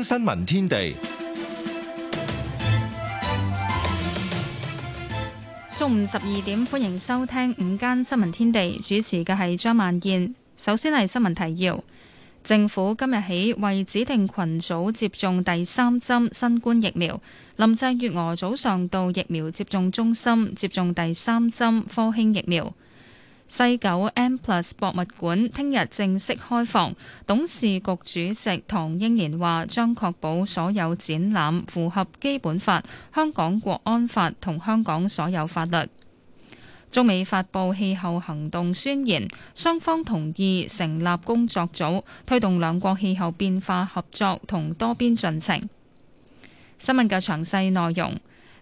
《新聞天地》中午十二點，歡迎收聽《午間新聞天地》，主持嘅係張曼燕。首先係新聞提要：政府今日起為指定群組接種第三針新冠疫苗。林鄭月娥早上到疫苗接種中心接種第三針科興疫苗。西九 M+ 博物館聽日正式開放。董事局主席唐英年話，將確保所有展覽符合基本法、香港國安法同香港所有法律。中美發布氣候行動宣言，雙方同意成立工作組，推動兩國氣候變化合作同多邊進程。新聞嘅詳細內容，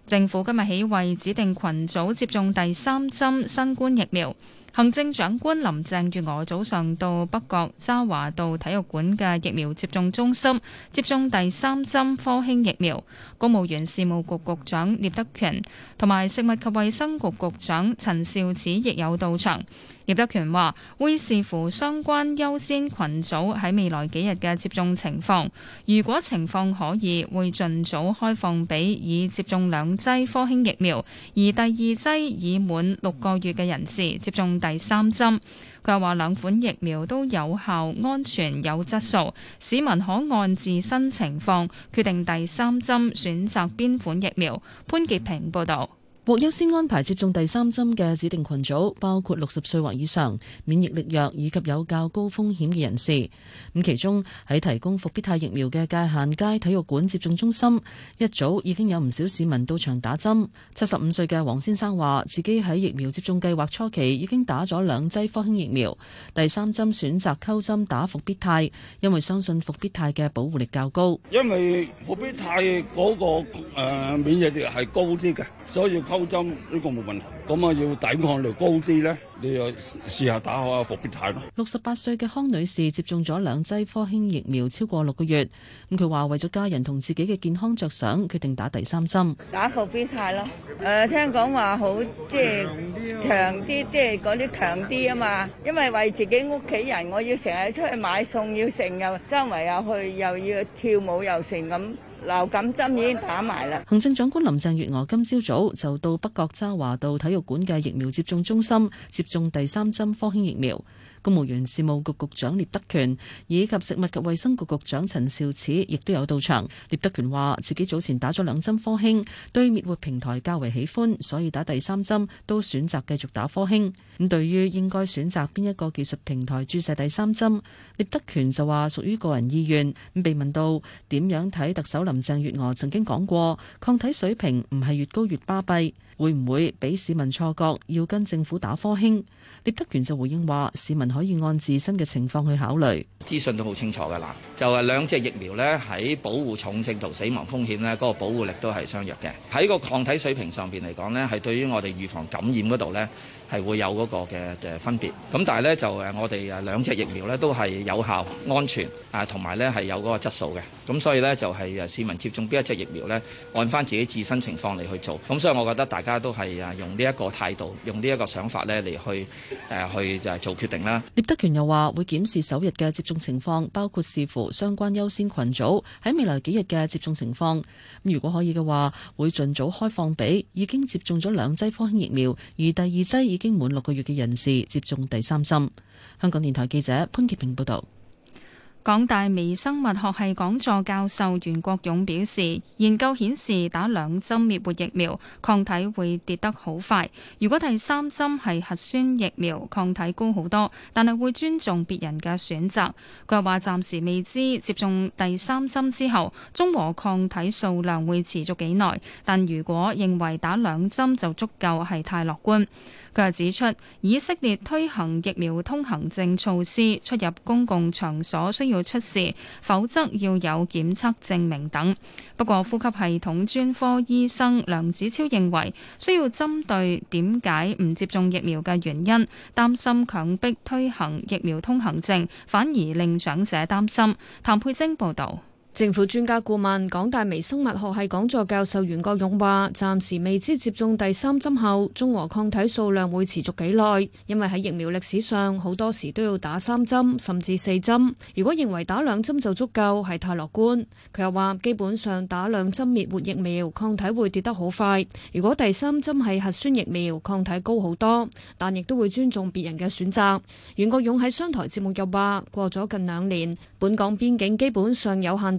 政府今日起為指定群組接種第三針新冠疫苗。行政長官林鄭月娥早上到北角渣華道體育館嘅疫苗接種中心接種第三針科興疫苗，公務員事務局局長聶德權同埋食物及衛生局局長陳肇始亦有到場。聶德權話：會視乎相關優先群組喺未來幾日嘅接種情況，如果情況可以，會盡早開放俾已接種兩劑科興疫苗而第二劑已滿六個月嘅人士接種。第三針，佢話兩款疫苗都有效、安全、有質素，市民可按自身情況決定第三針選擇邊款疫苗。潘潔平報道。獲優先安排接種第三針嘅指定群組包括六十歲或以上、免疫力弱以及有較高風險嘅人士。咁其中喺提供復必泰疫苗嘅界限街體育館接種中心，一早已經有唔少市民到場打針。七十五歲嘅黃先生話，自己喺疫苗接種計劃初期已經打咗兩劑科興疫苗，第三針選擇溝針打復必泰，因為相信復必泰嘅保護力較高。因為復必泰嗰個，呃，免疫力係高啲嘅，所以。抽針呢個冇問題，咁啊要抵抗力高啲咧，你又試下打下復必泰咯。六十八歲嘅康女士接種咗兩劑科興疫苗超過六個月，咁佢話為咗家人同自己嘅健康著想，決定打第三針，打復必泰咯。誒，聽講話好即係強啲，即係嗰啲強啲啊嘛，因為為自己屋企人，我要成日出去買餸，要成日周圍又去，又要跳舞又成咁。流感針已經打埋啦！行政長官林鄭月娥今朝早就到北角渣華道體育館嘅疫苗接種中心接種第三針科興疫苗。公務員事務局局長聶德權以及食物及衛生局局長陳肇始亦都有到場。聶德權話：自己早前打咗兩針科興，對滅活平台較為喜歡，所以打第三針都選擇繼續打科興。咁對於應該選擇邊一個技術平台注射第三針，聶德權就話屬於個人意願。咁被問到點樣睇特首林鄭月娥曾經講過抗體水平唔係越高越巴閉，會唔會俾市民錯覺要跟政府打科興？聶德權就回應話：市民可以按自身嘅情況去考慮。資訊都好清楚㗎啦，就係兩隻疫苗咧，喺保護重症同死亡風險咧，嗰個保護力都係相若嘅。喺個抗體水平上邊嚟講呢，係對於我哋預防感染嗰度呢。係會有嗰個嘅分別，咁但係咧就誒我哋誒兩隻疫苗咧都係有效、安全誒同埋咧係有嗰個質素嘅，咁所以咧就係、是、誒市民接種邊一隻疫苗咧，按返自己自身情況嚟去做，咁所以我覺得大家都係誒用呢一個態度、用呢一個想法咧嚟去誒去誒做決定啦。聶德權又話會檢視首日嘅接種情況，包括視乎相關優先群組喺未來幾日嘅接種情況，咁如果可以嘅話，會盡早開放俾已經接種咗兩劑科興疫苗而第二劑已。經滿六個月嘅人士接種第三針。香港電台記者潘潔平報道。港大微生物學系講座教授袁國勇表示，研究顯示打兩針滅活疫苗，抗體會跌得好快。如果第三針係核酸疫苗，抗體高好多，但係會尊重別人嘅選擇，佢又話暫時未知接種第三針之後中和抗體數量會持續幾耐。但如果認為打兩針就足夠係太樂觀，佢又指出，以色列推行疫苗通行證措施，出入公共場所需。要出示，否則要有檢測證明等。不過，呼吸系統專科醫生梁子超認為，需要針對點解唔接種疫苗嘅原因，擔心強迫推行疫苗通行證，反而令長者擔心。譚佩貞報道。政府專家顧問、港大微生物學系講座教授袁國勇話：暫時未知接種第三針後中和抗體數量會持續幾耐，因為喺疫苗歷史上好多時都要打三針甚至四針。如果認為打兩針就足夠，係太樂觀。佢又話：基本上打兩針滅活疫苗抗體會跌得好快，如果第三針係核酸疫苗，抗體高好多，但亦都會尊重別人嘅選擇。袁國勇喺商台節目又話：過咗近兩年，本港邊境基本上有限。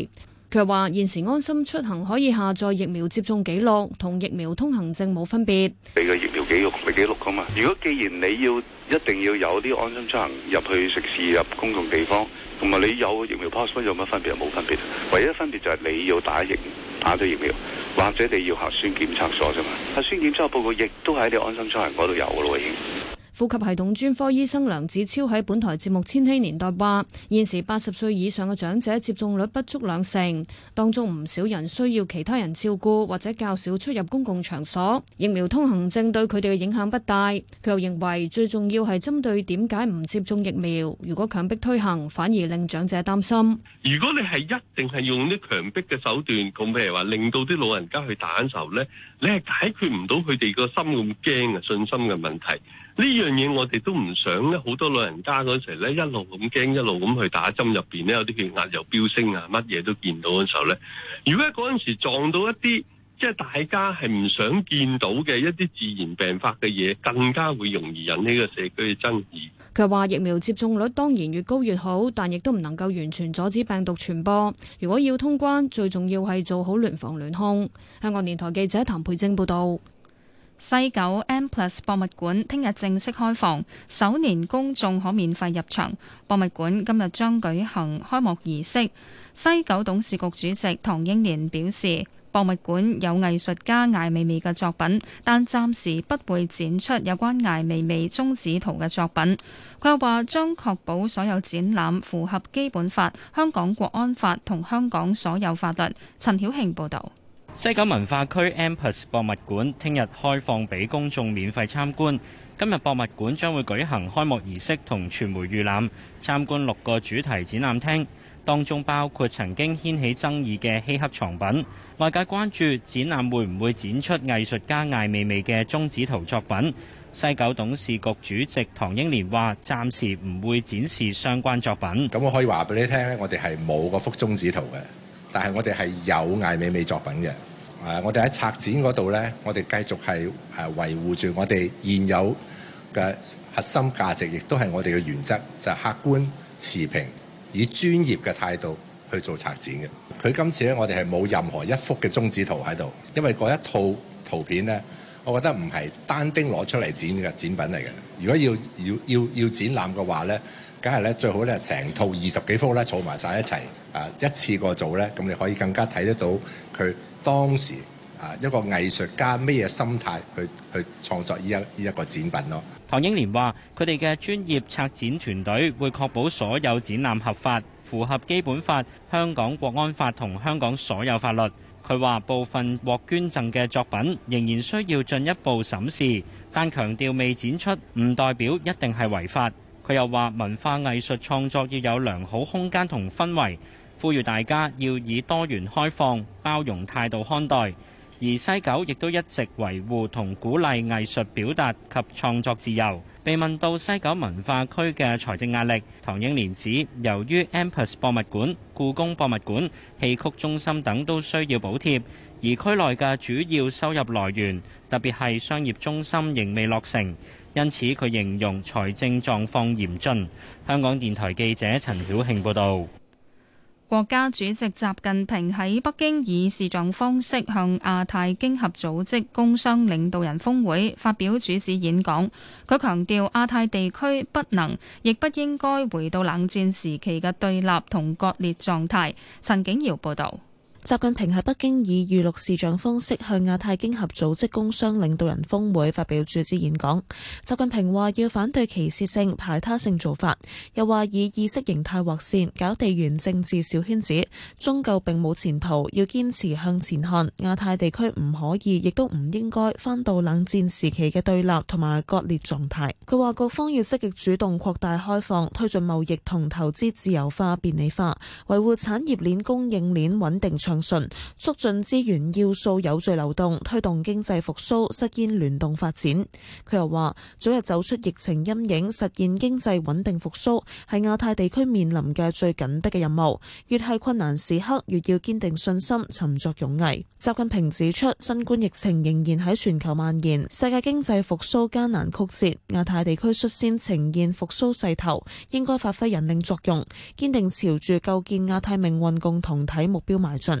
佢話現時安心出行可以下載疫苗接種記錄，同疫苗通行證冇分別。你個疫苗記錄係記錄噶嘛？如果既然你要一定要有啲安心出行入去食肆入公共地方，同埋你有疫苗 passport 有乜分別啊？冇分別，唯一分別就係你要打疫打咗疫苗，或者你要核酸檢測所啫嘛。核酸檢測報告亦都喺你安心出行嗰度有噶咯喎已經。呼吸系統專科醫生梁子超喺本台節目《千禧年代》話，現時八十歲以上嘅長者接種率不足兩成，當中唔少人需要其他人照顧或者較少出入公共場所。疫苗通行證對佢哋嘅影響不大。佢又認為最重要係針對點解唔接種疫苗，如果強迫推行，反而令長者擔心。如果你係一定係用啲強迫嘅手段，咁譬如話令到啲老人家去打嘅時候咧，你係解決唔到佢哋個心咁驚嘅信心嘅問題。呢樣嘢我哋都唔想咧，好多老人家嗰陣時咧一路咁驚一路咁去打針入邊咧，有啲血壓又飆升啊，乜嘢都見到嗰時候咧。如果嗰陣時撞到一啲即係大家係唔想見到嘅一啲自然病發嘅嘢，更加會容易引起個社區嘅爭議，佢話疫苗接種率當然越高越好，但亦都唔能夠完全阻止病毒傳播。如果要通關最重要係做好聯防聯控。香港電台記者譚佩貞報道。西九 MPlus 博物館聽日正式開放，首年公眾可免費入場。博物館今日將舉行開幕儀式。西九董事局主席唐英年表示，博物館有藝術家艾未未嘅作品，但暫時不會展出有關艾未未中指圖嘅作品。佢又話，將確保所有展覽符合基本法、香港國安法同香港所有法律。陳曉慶報導。西九文化區 Empress 博物館聽日開放俾公眾免費參觀。今日博物館將會舉行開幕儀式同傳媒預覽，參觀六個主題展覽廳，當中包括曾經掀起爭議嘅希克藏品。外界關注展覽會唔會展出藝術家艾未未嘅中指圖作品。西九董事局主席唐英年話：暫時唔會展示相關作品。咁我可以話俾你聽呢，我哋係冇嗰幅中指圖嘅。但係我哋係有艾未未作品嘅，誒、啊，我哋喺策展嗰度呢，我哋繼續係誒維護住我哋現有嘅核心價值，亦都係我哋嘅原則，就係、是、客觀持平，以專業嘅態度去做策展嘅。佢今次呢，我哋係冇任何一幅嘅中指圖喺度，因為嗰一套圖片呢，我覺得唔係單丁攞出嚟展嘅展品嚟嘅。如果要要要要展覽嘅話呢。梗係咧，最好咧，成套二十幾幅咧，湊埋晒一齊啊！一次過做咧，咁你可以更加睇得到佢當時啊一個藝術家咩嘢心態去去創作呢一呢一個展品咯。唐英年話：佢哋嘅專業策展團隊會確保所有展覽合法，符合基本法、香港國安法同香港所有法律。佢話部分獲捐贈嘅作品仍然需要進一步審視，但強調未展出唔代表一定係違法。佢又話：文化藝術創作要有良好空間同氛圍，呼籲大家要以多元開放包容態度看待。而西九亦都一直維護同鼓勵藝術表達及創作自由。被問到西九文化區嘅財政壓力，唐英年指由於 M+ 博物館、故宮博物館、戲曲中心等都需要補貼，而區內嘅主要收入來源，特別係商業中心，仍未落成。因此，佢形容財政狀況嚴峻。香港電台記者陳曉慶報道，國家主席習近平喺北京以視像方式向亞太經合組織工商領導人峰會發表主旨演講，佢強調亞太地區不能，亦不應該回到冷戰時期嘅對立同割裂狀態，陳景堯報道。習近平喺北京以預錄視像方式向亞太經合組織工商領導人峰會發表主旨演講。習近平話要反對歧視性排他性做法，又話以意識形態劃線搞地緣政治小圈子，終究並冇前途。要堅持向前看，亞太地區唔可以，亦都唔應該翻到冷戰時期嘅對立同埋割裂狀態。佢話各方要積極主動擴大開放，推進貿易同投資自由化便利化，維護產，產業鏈供應鏈穩定。相信，促進資源要素有序流動，推動經濟復甦，實現聯動發展。佢又話，早日走出疫情陰影，實現經濟穩定復甦係亞太地區面臨嘅最緊迫嘅任務，越係困難時刻越要堅定信心，沉着勇毅。習近平指出，新冠疫情仍然喺全球蔓延，世界經濟復甦艱難曲折，亞太地區率先呈現復甦勢頭，應該發揮引領作用，堅定朝住構建亞太命運共同體目標邁進。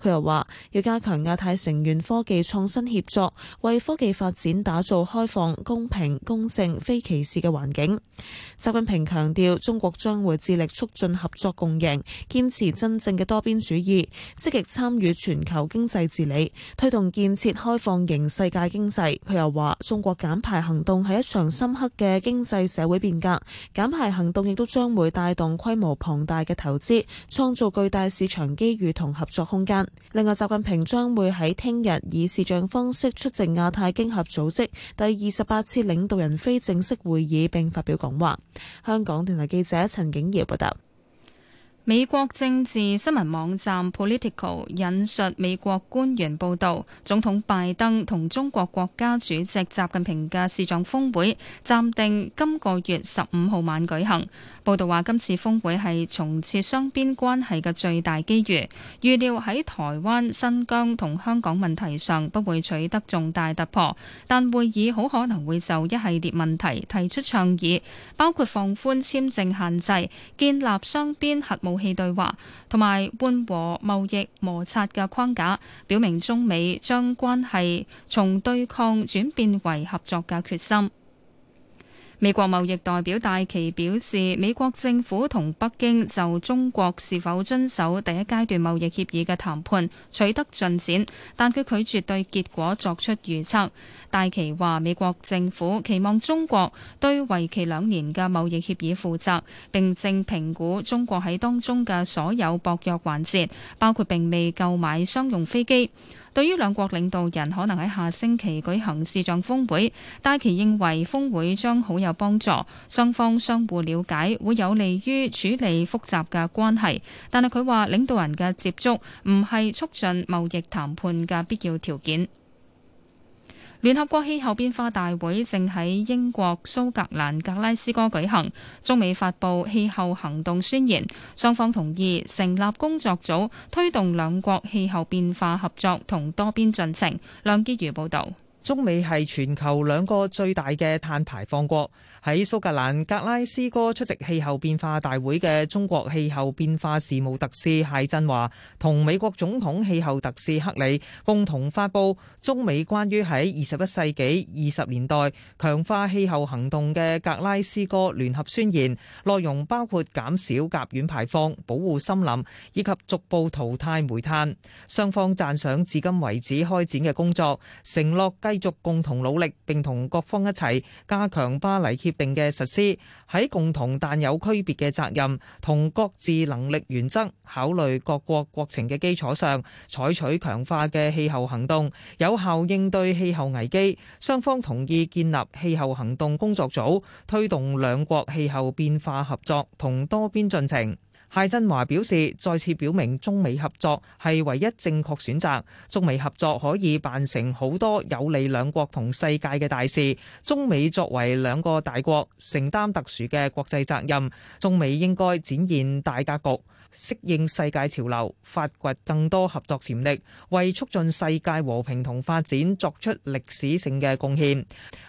佢又話要加強亞太成員科技創新協作，為科技發展打造開放、公平、公正、非歧視嘅環境。習近平強調，中國將會致力促進合作共贏，堅持真正嘅多邊主義，積極參與全球經濟治理，推動建設開放型世界經濟。佢又話，中國減排行動係一場深刻嘅經濟社會變革，減排行動亦都將會帶動規模龐大嘅投資，創造巨大市場機遇同合作空。另外，習近平將會喺聽日以視像方式出席亞太經合組織第二十八次領導人非正式會議並發表講話。香港電台記者陳景瑤報道。美國政治新聞網站 Politico 引述美國官員報道，總統拜登同中國國家主席習近平嘅視像峰會暫定今個月十五號晚舉行。報道話，今次峰會係重設雙邊關係嘅最大機遇，預料喺台灣、新疆同香港問題上不會取得重大突破，但會議好可能會就一系列問題提出倡議，包括放寬簽證限制、建立雙邊核武器對話同埋緩和貿易摩擦嘅框架，表明中美將關係從對抗轉變為合作嘅決心。美國貿易代表戴琪表示，美國政府同北京就中國是否遵守第一階段貿易協議嘅談判取得進展，但佢拒絕對結果作出預測。戴琪話，美國政府期望中國對為期兩年嘅貿易協議負責，並正評估中國喺當中嘅所有薄弱環節，包括並未購買商用飛機。對於兩國領導人可能喺下星期舉行視像峰會，戴奇認為峰會將好有幫助，雙方相互了解會有利於處理複雜嘅關係。但係佢話領導人嘅接觸唔係促進貿易談判嘅必要條件。聯合國氣候變化大會正喺英國蘇格蘭格拉斯哥舉行，中美發佈氣候行動宣言，雙方同意成立工作組推動兩國氣候變化合作同多邊進程。梁潔如報導。中美係全球兩個最大嘅碳排放國，喺蘇格蘭格拉斯哥出席氣候變化大會嘅中國氣候變化事務特使謝振華同美國總統氣候特使克里共同發布中美關於喺二十一世紀二十年代強化氣候行動嘅格拉斯哥聯合宣言，內容包括減少甲烷排放、保護森林以及逐步淘汰煤炭。雙方讚賞至今為止開展嘅工作，承諾繼。繼續共同努力，並同各方一齊加強巴黎協定嘅實施，喺共同但有區別嘅責任同各自能力原則考慮各國國情嘅基礎上，採取強化嘅氣候行動，有效應對氣候危機。雙方同意建立氣候行動工作組，推動兩國氣候變化合作，同多邊進程。謝振華表示，再次表明中美合作係唯一正確選擇。中美合作可以辦成好多有利兩國同世界嘅大事。中美作為兩個大國，承擔特殊嘅國際責任。中美應該展現大格局。適應世界潮流，發掘更多合作潛力，為促進世界和平同發展作出歷史性嘅貢獻。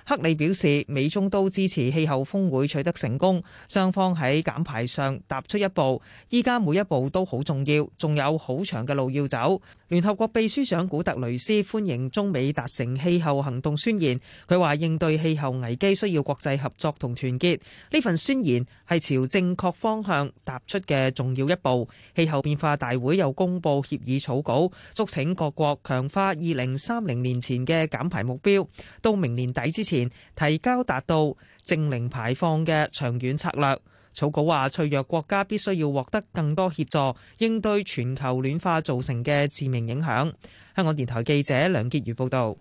克里表示，美中都支持氣候峰會取得成功，雙方喺減排上踏出一步，依家每一步都好重要，仲有好長嘅路要走。聯合國秘書長古特雷斯歡迎中美達成氣候行動宣言，佢話應對氣候危機需要國際合作同團結，呢份宣言係朝正確方向踏出嘅重要一步。氣候變化大會又公佈協議草稿，促請各國強化二零三零年前嘅減排目標，到明年底之前提交達到淨零排放嘅長遠策略。草稿話：脆弱國家必須要獲得更多協助，應對全球暖化造成嘅致命影響。香港電台記者梁潔如報道。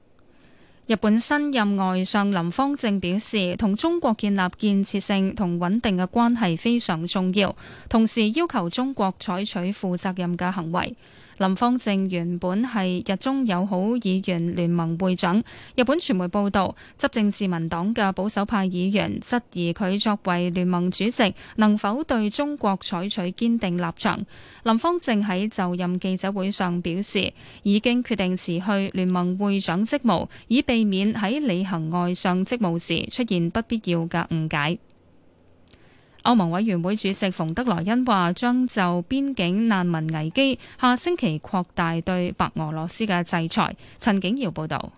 日本新任外相林芳正表示，同中國建立建設性同穩定嘅關係非常重要，同時要求中國採取負責任嘅行為。林芳正原本係日中友好議員聯盟會長，日本傳媒報道，執政自民黨嘅保守派議員質疑佢作為聯盟主席能否對中國採取堅定立場，林芳正喺就任記者會上表示，已經決定辭去聯盟會長職務，以避免喺履行外相職務時出現不必要嘅誤解。歐盟委員會主席馮德萊恩話將就邊境難民危機，下星期擴大對白俄羅斯嘅制裁。陳景堯報道，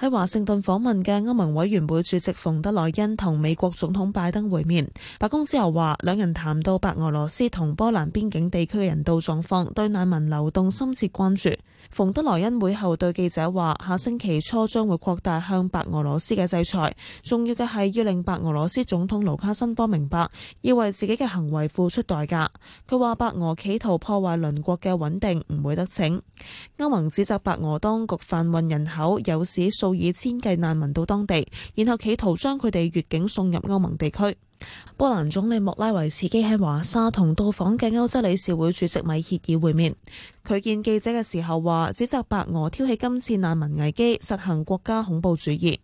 喺華盛頓訪問嘅歐盟委員會主席馮德萊恩同美國總統拜登會面，白宮之後話兩人談到白俄羅斯同波蘭邊境地區嘅人道狀況，對難民流動深切關注。馮德萊恩會後對記者話，下星期初將會擴大向白俄羅斯嘅制裁。重要嘅係要令白俄羅斯總統盧卡申科明白要為自己嘅行為付出代價。佢話白俄企圖破壞鄰國嘅穩定唔會得逞。歐盟指責白俄當局販運人口，有史數以千計難民到當地，然後企圖將佢哋越境送入歐盟地區。波蘭總理莫拉維茨基喺華沙同到訪嘅歐洲理事會主席米歇爾會面，佢見記者嘅時候話，指責白俄挑起今次難民危機，實行國家恐怖主義。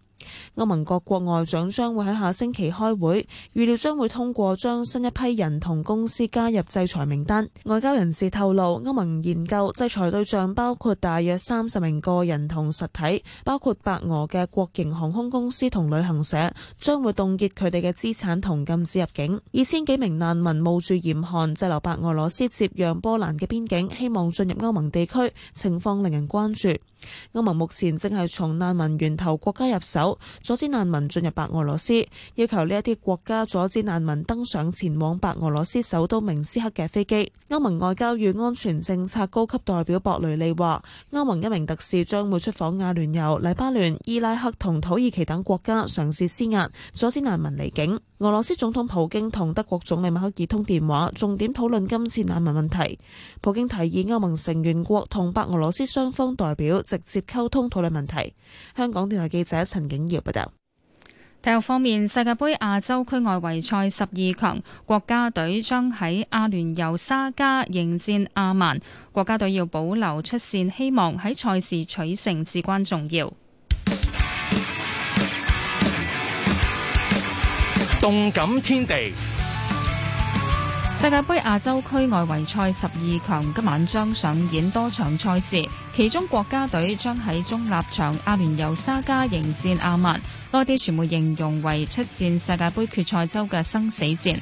歐盟各國外長將會喺下星期開會，預料將會通過將新一批人同公司加入制裁名單。外交人士透露，歐盟研究制裁對象包括大約三十名個人同實體，包括白俄嘅國營航空公司同旅行社，將會凍結佢哋嘅資產同禁止入境。二千幾名難民冒住嚴寒滯留白俄羅斯接壤波蘭嘅邊境，希望進入歐盟地區，情況令人關注。歐盟目前正係從難民源頭國家入手，阻止難民進入白俄羅斯，要求呢一啲國家阻止難民登上前往白俄羅斯首都明斯克嘅飛機。歐盟外交與安全政策高級代表博雷利話：歐盟一名特使將會出訪阿聯酋、黎巴嫩、伊拉克同土耳其等國家嘗試，嘗試施壓阻止難民離境。俄羅斯總統普京同德國總理默克爾通電話，重點討論今次難民問題。普京提議歐盟成員國同白俄羅斯雙方代表直接溝通討論問題。香港電台記者陳景。體育方面，世界盃亞洲區外圍賽十二強國家隊將喺阿聯酋沙迦迎戰阿曼。國家隊要保留出線希望，喺賽事取勝至關重要。動感天地。世界杯亞洲區外圍賽十二強今晚將上演多場賽事，其中國家隊將喺中立場阿聯酋沙加迎戰阿曼，多啲傳媒形容為出線世界杯決賽周嘅生死戰。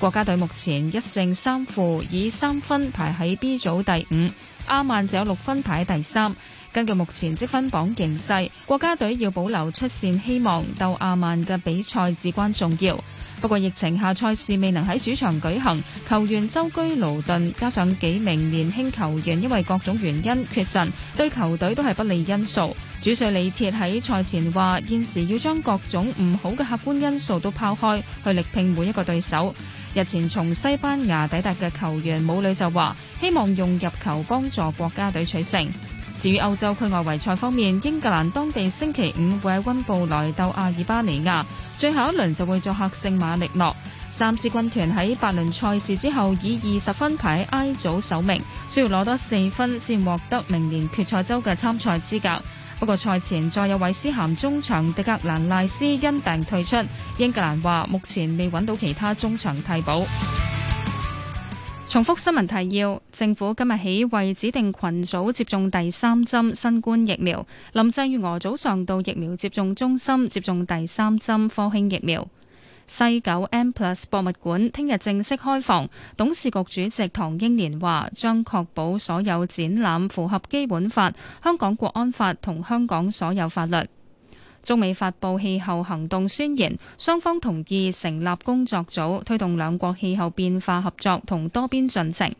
國家隊目前一勝三負，以三分排喺 B 組第五，阿曼就有六分排第三。根據目前積分榜形勢，國家隊要保留出線希望，鬥阿曼嘅比賽至關重要。不過疫情下賽事未能喺主場舉行，球員周居勞頓，加上幾名年輕球員因為各種原因缺陣，對球隊都係不利因素。主帥李鐵喺賽前話：現時要將各種唔好嘅客觀因素都拋開，去力拼每一個對手。日前從西班牙抵達嘅球員武磊就話：希望用入球幫助國家隊取勝。至於歐洲區外圍賽方面，英格蘭當地星期五會喺溫布萊鬥阿爾巴尼亞，最後一輪就會作客聖馬力諾。三獅軍團喺八輪賽事之後以二十分排喺 I 組首名，需要攞多四分先獲得明年決賽周嘅參賽資格。不過賽前再有韋斯咸中場迪格蘭賴斯因病退出，英格蘭話目前未揾到其他中場替補。重複新聞提要：政府今日起為指定群組接種第三針新冠疫苗。林鄭月娥早上到疫苗接種中心接種第三針科興疫苗。西九 M+ 博物館聽日正式開放，董事局主席唐英年話將確保所有展覽符合基本法、香港國安法同香港所有法律。中美發佈氣候行動宣言，雙方同意成立工作組，推動兩國氣候變化合作同多邊進程。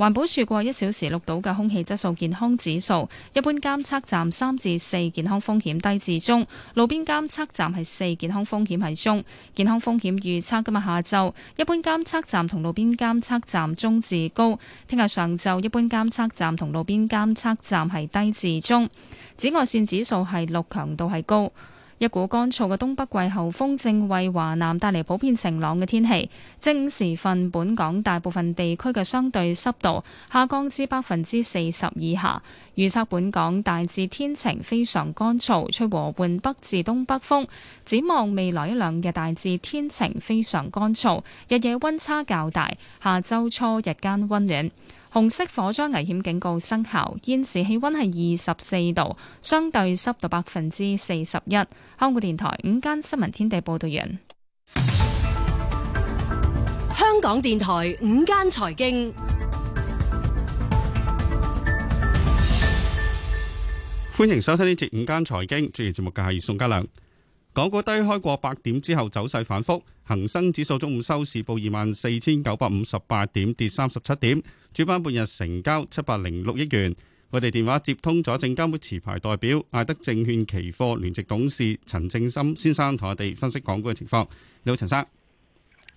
環保署過，一小時錄到嘅空氣質素健康指數，一般監測站三至四，健康風險低至中；路邊監測站係四，健康風險係中。健康風險預測今日下晝，一般監測站同路邊監測站中至高；聽日上晝，一般監測站同路邊監測站係低至中。紫外線指數係六，強度係高。一股乾燥嘅東北季候風正為華南帶嚟普遍晴朗嘅天氣，正午時分，本港大部分地區嘅相對濕度下降至百分之四十以下。預測本港大致天晴，非常乾燥，吹和緩北至東北風，展望未來一兩日，大致天晴，非常乾燥，日夜溫差較大。下周初日間溫暖。紅色火災危險警告生效，現時氣溫係二十四度，相對濕度百分之四十一。香港電台午間新聞天地報道完。香港電台午間財經，歡迎收聽呢節午間財經，主持節目嘅係宋家良。港股低開過八點之後走勢反複，恒生指數中午收市報二萬四千九百五十八點，跌三十七點。主板半日成交七百零六億元。我哋電話接通咗證監會持牌代表，艾德證券期貨聯席董事陳正森先生同我哋分析港股嘅情況。你好，陳生。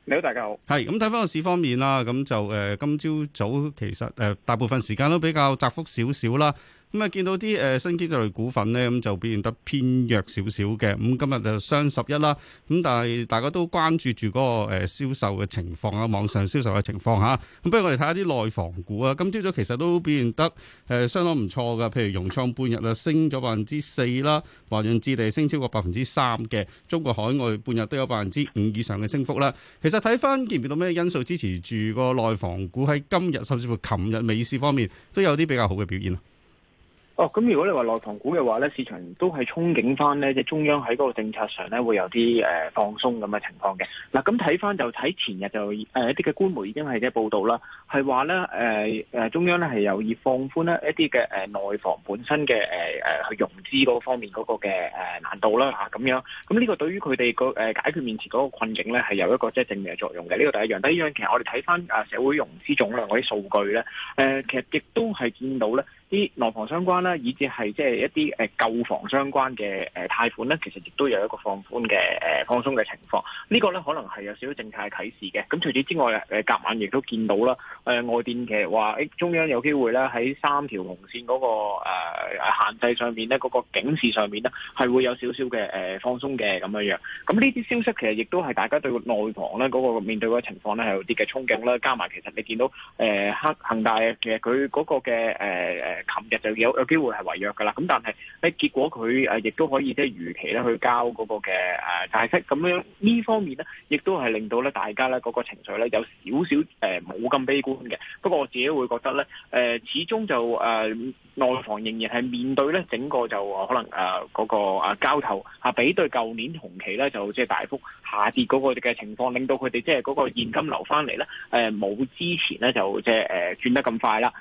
你好，大家好。係咁睇返個市方面啦，咁就誒、呃、今朝早，早其實誒、呃、大部分時間都比較窄幅少少啦。咁啊，見到啲誒新經濟類股份咧，咁就表現得偏弱少少嘅。咁今日就雙十一啦，咁但係大家都關注住嗰個誒銷售嘅情況啊，網上銷售嘅情況啊。咁不如我哋睇下啲內房股啊。今朝早其實都表現得誒相當唔錯㗎，譬如融創半日啊，升咗百分之四啦，華潤置地升超過百分之三嘅，中國海外半日都有百分之五以上嘅升幅啦。其實睇翻，見唔見到咩因素支持住個內房股喺今日，甚至乎琴日美市方面都有啲比較好嘅表現啊？哦，咁如果你話內房股嘅話咧，市場都係憧憬翻咧，即係中央喺嗰個政策上咧會有啲誒放鬆咁嘅情況嘅。嗱，咁睇翻就睇前日就誒一啲嘅官媒已經係嘅報道啦，係話咧誒誒中央咧係有意放寬咧一啲嘅誒內房本身嘅誒誒去融資嗰方面嗰個嘅誒難度啦吓，咁樣。咁呢個對於佢哋個誒解決面前嗰個困境咧係有一個即係正面嘅作用嘅。呢個第一樣，第一樣其實我哋睇翻啊社會融資總量嗰啲數據咧，誒其實亦都係見到咧。啲內房相關啦，以致係即係一啲購房相關嘅誒貸款咧，其實亦都有一個放寬嘅放鬆嘅情況。呢個咧可能係有少少政策嘅啟示嘅。咁除此之外咧，隔晚亦都見到啦、呃，外電其實話中央有機會咧喺三條紅線嗰個、呃、限制上面咧，嗰個警示上面咧，係會有少少嘅放鬆嘅咁樣樣。咁呢啲消息其實亦都係大家對內房咧嗰個面對嘅情況咧係有啲嘅憧憬啦。加埋其實你見到誒黑恒大嘅，佢嗰個嘅琴日就有有機會係違約嘅啦，咁但係結果佢亦都可以即係如期咧去交嗰個嘅誒債息，咁樣呢方面咧亦都係令到咧大家咧嗰個情緒咧有少少冇咁、呃、悲觀嘅。不過我自己會覺得咧、呃、始終就誒、呃、內房仍然係面對咧整個就可能嗰、呃那個交投啊比對舊年同期咧就即係大幅下跌嗰個嘅情況，令到佢哋即係嗰個現金流翻嚟咧冇之前咧就即係、呃、轉得咁快啦。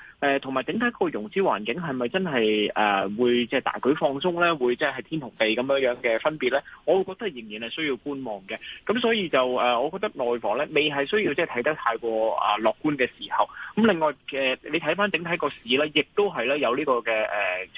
同埋整體個融資。環境係咪真係誒會即係大舉放鬆咧？會即係係天同地咁樣樣嘅分別咧？我覺得仍然係需要觀望嘅。咁所以就誒，我覺得內房咧未係需要即係睇得太過啊樂觀嘅時候。咁另外嘅你睇翻整體個市咧，亦都係咧有呢個嘅誒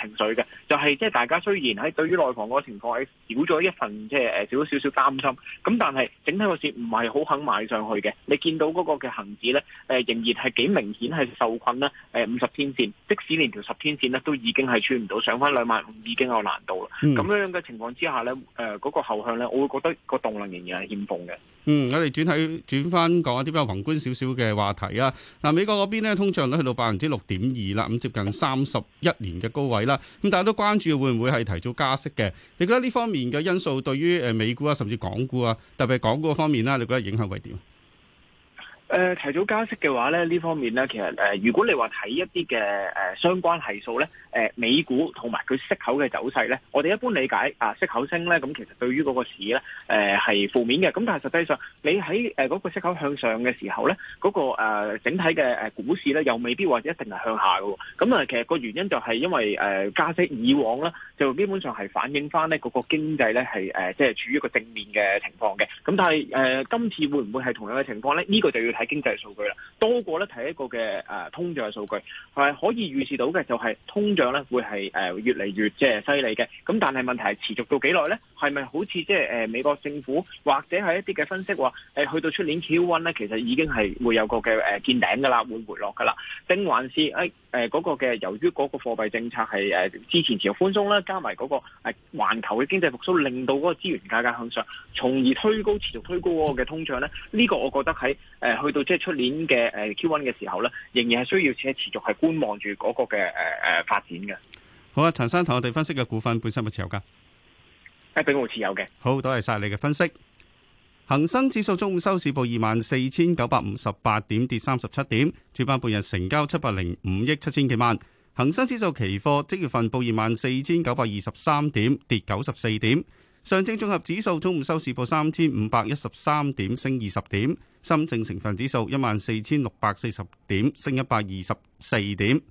情緒嘅，就係即係大家雖然喺對於內房嗰個情況係少咗一份即係誒少少少少擔心，咁但係整體個市唔係好肯買上去嘅。你見到嗰個嘅恆指咧誒仍然係幾明顯係受困啦誒五十天線，即使連條十天線咧都已經係穿唔到，上翻兩萬五已經有難度啦。咁樣嘅情況之下咧，誒嗰個後向咧，我會覺得個動能仍然係欠奉嘅。嗯，我哋轉睇轉翻講一啲比較宏觀少少嘅話題啊。嗱，美國嗰邊咧，通脹率去到百分之六點二啦，咁接近三十一年嘅高位啦。咁大家都關注會唔會係提早加息嘅？你覺得呢方面嘅因素對於誒美股啊，甚至港股啊，特別港股嘅方面啦，你覺得影響為點？誒、呃，提早加息嘅話咧，呢方面咧，其實誒、呃，如果你話睇一啲嘅誒相關係數咧，誒、呃，美股同埋佢息口嘅走勢咧，我哋一般理解啊，息口升咧，咁其實對於嗰個市咧，誒、呃、係負面嘅。咁但係實際上你喺誒嗰個息口向上嘅時候咧，嗰、嗰個誒、呃、整體嘅誒股市咧，又未必或者一定係向下喎。咁、呃、啊，其實個原因就係因為誒、呃、加息以往咧。就基本上係反映翻呢嗰個經濟呢係即係處於一個正面嘅情況嘅，咁但係誒、呃、今次會唔會係同樣嘅情況呢？呢、呢個就要睇經濟數據啦，多過呢睇一個嘅誒、啊、通脹嘅數據係可以預示到嘅就係通脹呢會係越嚟越即係犀利嘅，咁、即係、但係問題係持續到幾耐呢？係咪好似即係美國政府或者係一啲嘅分析話、呃、去到出年 Q1 呢，其實已經係會有個嘅誒、呃、見頂㗎啦，會回落㗎啦？定還是嗰、呃嗰個嘅由於嗰個貨幣政策係、呃、之前持續寬鬆啦？加埋嗰個誒環球嘅經濟復蘇，令到嗰個資源價格向上，從而推高持續推高嗰個嘅通脹咧。呢、呢個我覺得喺誒、呃、去到即係出年嘅誒 Q one 嘅時候咧，仍然係需要且持續係觀望住嗰個嘅誒誒發展嘅。好啊，陳生，同我哋分析嘅股份本身有冇持有噶？喺港我持有嘅。好，多謝晒你嘅分析。恒生指數中午收市報二萬四千九百五十八點，跌三十七點。主板半日成交七百零五億七千幾萬。恒生指數期貨即月份報二萬四千九百二十三點，跌九十四點。上證綜合指數中午收市報三千五百一十三點，升二十點。深證成分指數一萬四千六百四十點，升一百二十四點。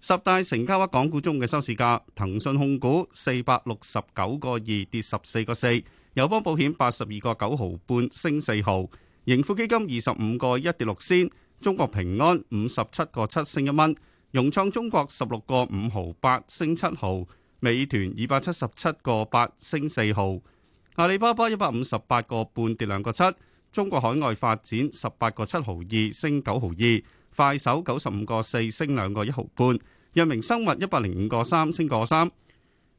十大成交額港股中嘅收市價：騰訊控股四百六十九個二，跌十四個四；友邦保險八十二個九毫半，升四毫；盈富基金二十五個一，跌六仙；中國平安五十七個七，升一蚊。融創中國十六個五毫八升七毫，美團二百七十七個八升四毫，阿里巴巴一百五十八個半跌兩個七，中國海外發展十八個七毫二升九毫二，快手九十五個四升兩個一毫半，藥明生物一百零五個三升個三。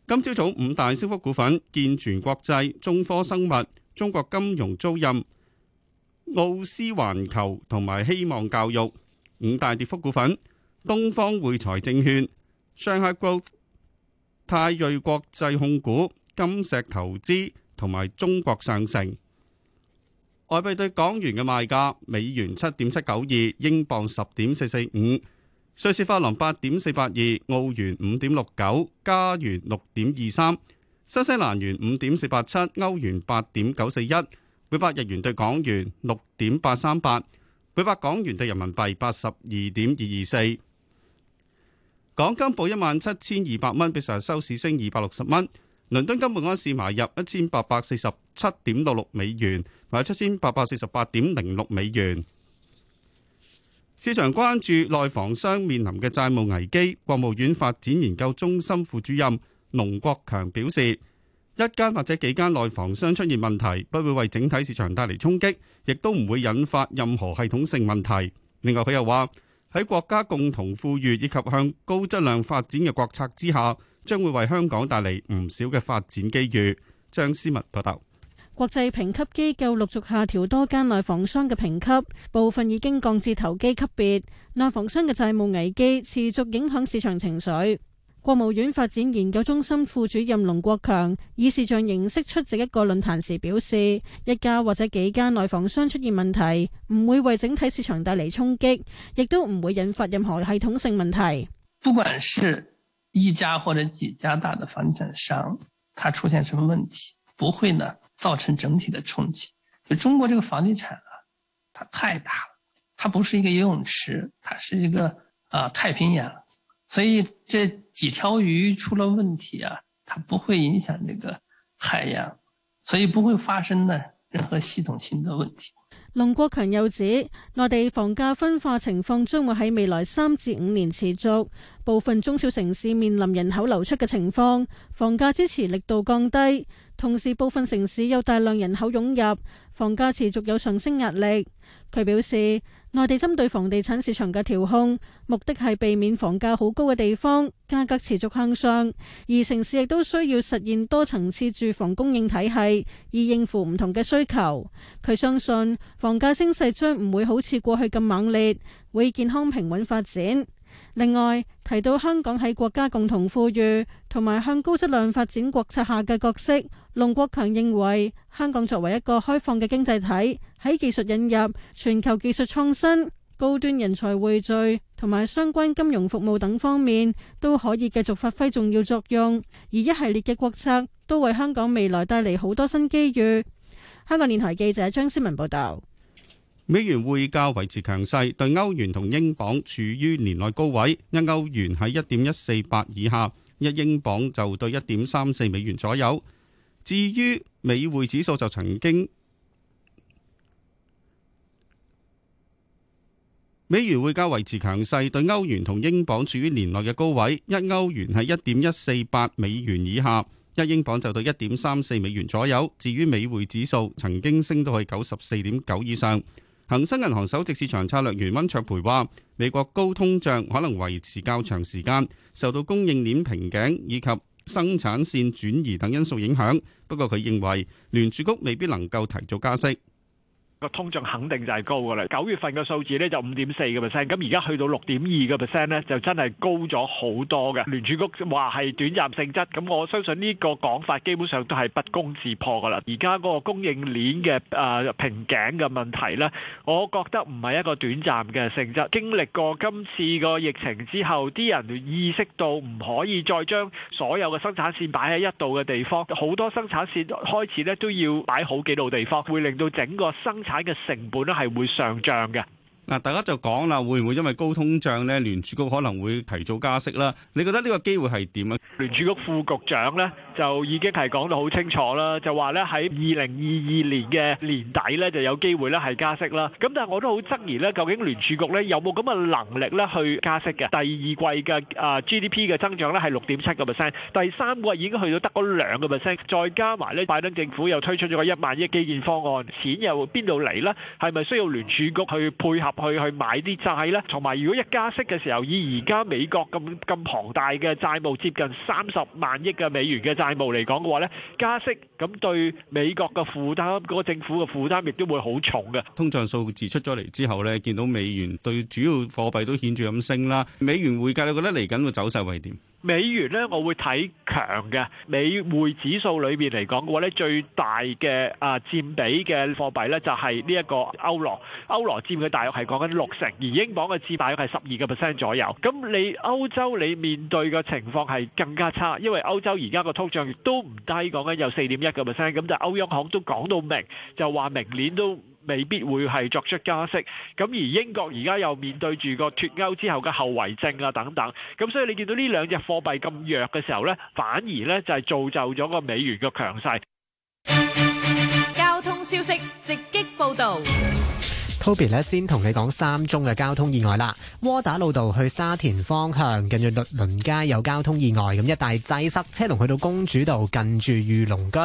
今朝早五大升幅股份：健全國際、中科生物、中國金融租賃、奧斯環球同埋希望教育。五大跌幅股份。東方匯財證券、上海 growth, 泰瑞國際控股、金石投資同埋中國上城。外幣對港元嘅賣價：美元七點七九二，英鎊十點四四五，瑞士法郎八點四八二，澳元五點六九，加元六點二三，新西蘭元五點四八七，歐元八點九四一，每百日元對港元六點八三八，每百港元對人民幣八十二點二二四。港金報一萬七千二百蚊，比上日收市升二百六十蚊。倫敦金本安市買入一千八百四十七點六六美元，賣出一千八百四十八點零六美元。市場關注內房商面臨嘅債務危機，國務院發展研究中心副主任龍國強表示，一間或者幾間內房商出現問題，不會為整體市場帶嚟衝擊，亦都唔會引發任何系統性問題。另外說，佢又話。喺國家共同富裕以及向高質量發展嘅國策之下，將會為香港帶嚟唔少嘅發展機遇。張思文報道，國際評級機構陸續下調多間內房商嘅評級，部分已經降至投機級別。內房商嘅債務危機持續影響市場情緒。國務院發展研究中心副主任龍國強以視像形式出席一個論壇時表示：一家或者幾家內房商出現問題，唔會為整體市場帶嚟衝擊，亦都唔會引發任何系統性問題。不管是一家或者幾家大的房地產商，它出現什麼問題，不會呢造成整體的衝擊。就中國這個房地產啊，它太大了，它不是一個游泳池，它是一個啊、呃、太平洋。所以這幾條魚出了問題啊，它不會影響這個海洋，所以不會發生呢任何系統性的問題。龍國強又指，內地房價分化情況將會喺未來三至五年持續，部分中小城市面臨人口流出嘅情況，房價支持力度降低；同時部分城市有大量人口湧入，房價持續有上升壓力。佢表示，內地針對房地產市場嘅調控，目的係避免房價好高嘅地方價格持續向上，而城市亦都需要實現多層次住房供應體系，以應付唔同嘅需求。佢相信，房價升勢將唔會好似過去咁猛烈，會健康平穩發展。另外，提到香港喺國家共同富裕同埋向高質量發展國策下嘅角色，龍國強認為，香港作為一個開放嘅經濟體。喺技術引入、全球技術創新、高端人才匯聚同埋相關金融服務等方面，都可以繼續發揮重要作用。而一系列嘅國策都為香港未來帶嚟好多新機遇。香港電台記者張思文報道：美元匯價維持強勢，對歐元同英鎊處於年內高位。一歐元喺一點一四八以下，一英鎊就對一點三四美元左右。至於美匯指數就曾經。美元匯價維持強勢，對歐元同英鎊處於年內嘅高位，一歐元係一點一四八美元以下，一英鎊就到一點三四美元左右。至於美匯指數，曾經升到去九十四點九以上。恒生銀行首席市場策略員溫卓培話，美國高通脹可能維持較長時間，受到供應鏈瓶頸以及生產線轉移等因素影響。不過佢認為，聯儲局未必能夠提早加息。個通脹肯定就係高噶啦，九月份嘅數字咧就五點四個 percent，咁而家去到六點二個 percent 咧，就真係高咗好多嘅。聯儲局話係短暫性質，咁我相信呢個講法基本上都係不攻自破噶啦。而家嗰個供應鏈嘅誒瓶頸嘅問題咧，我覺得唔係一個短暫嘅性質。經歷過今次個疫情之後，啲人就意識到唔可以再將所有嘅生產線擺喺一度嘅地方，好多生產線開始咧都要擺好幾度地方，會令到整個生產嘅成本咧係會上漲嘅。嗱，大家就講啦，會唔會因為高通脹呢，聯儲局可能會提早加息啦？你覺得呢個機會係點啊？聯儲局副局長呢，就已經係講到好清楚啦，就話呢喺二零二二年嘅年底呢就有機會呢係加息啦。咁但係我都好質疑呢，究竟聯儲局呢有冇咁嘅能力呢去加息嘅？第二季嘅啊 GDP 嘅增長呢係六點七個 percent，第三季已經去到得嗰兩個 percent，再加埋呢拜登政府又推出咗個一萬億基建方案，錢又邊度嚟呢？係咪需要聯儲局去配合？去去買啲債啦，同埋如果一加息嘅時候，以而家美國咁咁龐大嘅債務，接近三十萬億嘅美元嘅債務嚟講嘅話呢，加息咁對美國嘅負擔，嗰個政府嘅負擔亦都會好重嘅。通脹數字出咗嚟之後呢，見到美元對主要貨幣都顯著咁升啦。美元匯價，你覺得嚟緊個走勢會係點？美元咧，我會睇強嘅。美匯指數裏面嚟講嘅話咧，最大嘅啊佔比嘅貨幣咧，就係呢一個歐羅。歐羅佔嘅大約係講緊六成，而英鎊嘅佔大約係十二個 percent 左右。咁你歐洲你面對嘅情況係更加差，因為歐洲而家個通脹都唔低，講緊有四點一個 percent。咁就歐央行都講到明，就話明年都。未必會係作出加息，咁而英國而家又面對住個脫歐之後嘅後遺症啊等等，咁所以你見到呢兩隻貨幣咁弱嘅時候呢，反而呢就係造就咗個美元嘅強勢。交通消息直擊報導。Toby 咧，先同你講三宗嘅交通意外啦。窩打老道去沙田方向，近住律倫街有交通意外，咁一帶擠塞，車龍去到公主道，近住御龍居。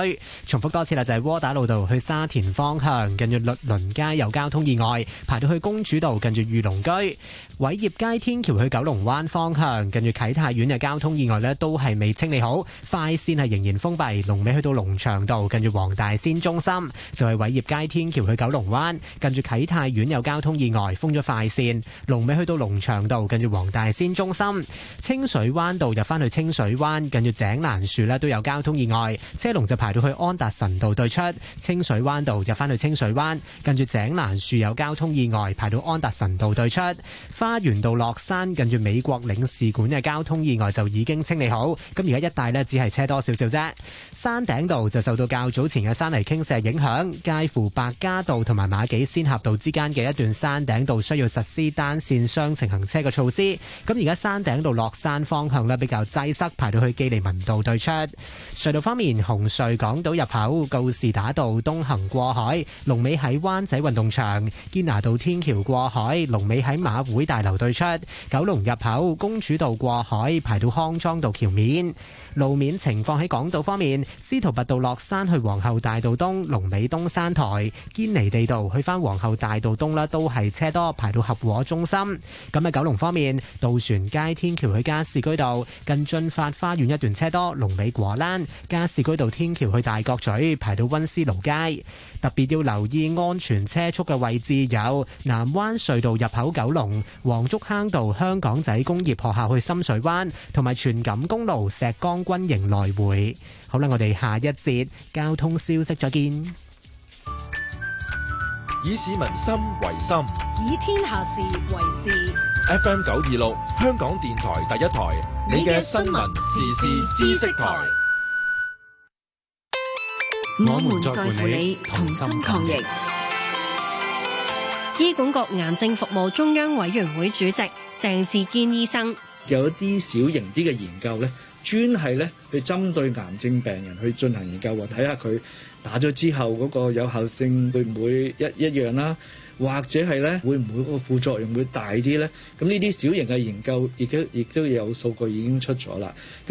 重複多次啦，就係、是、窩打老道去沙田方向，近住律倫街有交通意外，排到去公主道，近住御龍居。偉業街天橋去九龍灣方向，近住啟泰苑嘅交通意外咧，都係未清理好，快線係仍然封閉。龍尾去到龍翔道，近住黃大仙中心，就係偉業街天橋去九龍灣，近住啟泰院有交通意外，封咗快線。龍尾去到龍翔道，近住黃大仙中心；清水灣道入翻去清水灣，近住井欄樹咧都有交通意外。車龍就排到去安達臣道對出，清水灣道入翻去清水灣，近住井欄樹有交通意外，排到安達臣道對出。花園道落山，近住美國領事館嘅交通意外就已經清理好。咁而家一帶咧只係車多少少啫。山頂道就受到較早前嘅山泥傾瀉影響，介乎白加道同埋馬己仙峽道之間。間嘅一段山頂道需要實施單綫雙程行車嘅措施，咁而家山頂道落山方向呢，比較擠塞，排到去基利文道對出。隧道方面，紅隧港島入口告士打道東行過海，龍尾喺灣仔運動場；堅拿道天橋過海，龍尾喺馬會大樓對出；九龍入口公主道過海，排到康莊道橋面。路面情況喺港島方面，司徒拔道落山去皇后大道東、龍尾東山台、堅尼地道去翻皇后大道東啦，都係車多排到合和中心。咁喺九龍方面，渡船街天橋去加士居道近駿發花園一段車多，龍尾果欄；加士居道天橋去大角咀排到溫思勞街。特別要留意安全車速嘅位置有南灣隧道入口九龍、九龍黃竹坑道、香港仔工業學校去深水灣，同埋荃錦公路石崗。軍營來回，好啦，我哋下一節交通消息再見。以市民心為心，以天下事為事。FM 九二六，香港電台第一台，你嘅新聞時事知識台。我們在乎你，同心抗疫。醫管局癌症服務中央委員會主席鄭志堅醫生，有一啲小型啲嘅研究咧，專係咧去針對癌症病人去進行研究，睇下佢打咗之後嗰個有效性會唔會一一樣啦，或者係咧會唔會嗰個副作用會、會大啲咧？咁呢啲小型嘅研究亦都亦都有數據已經出咗啦。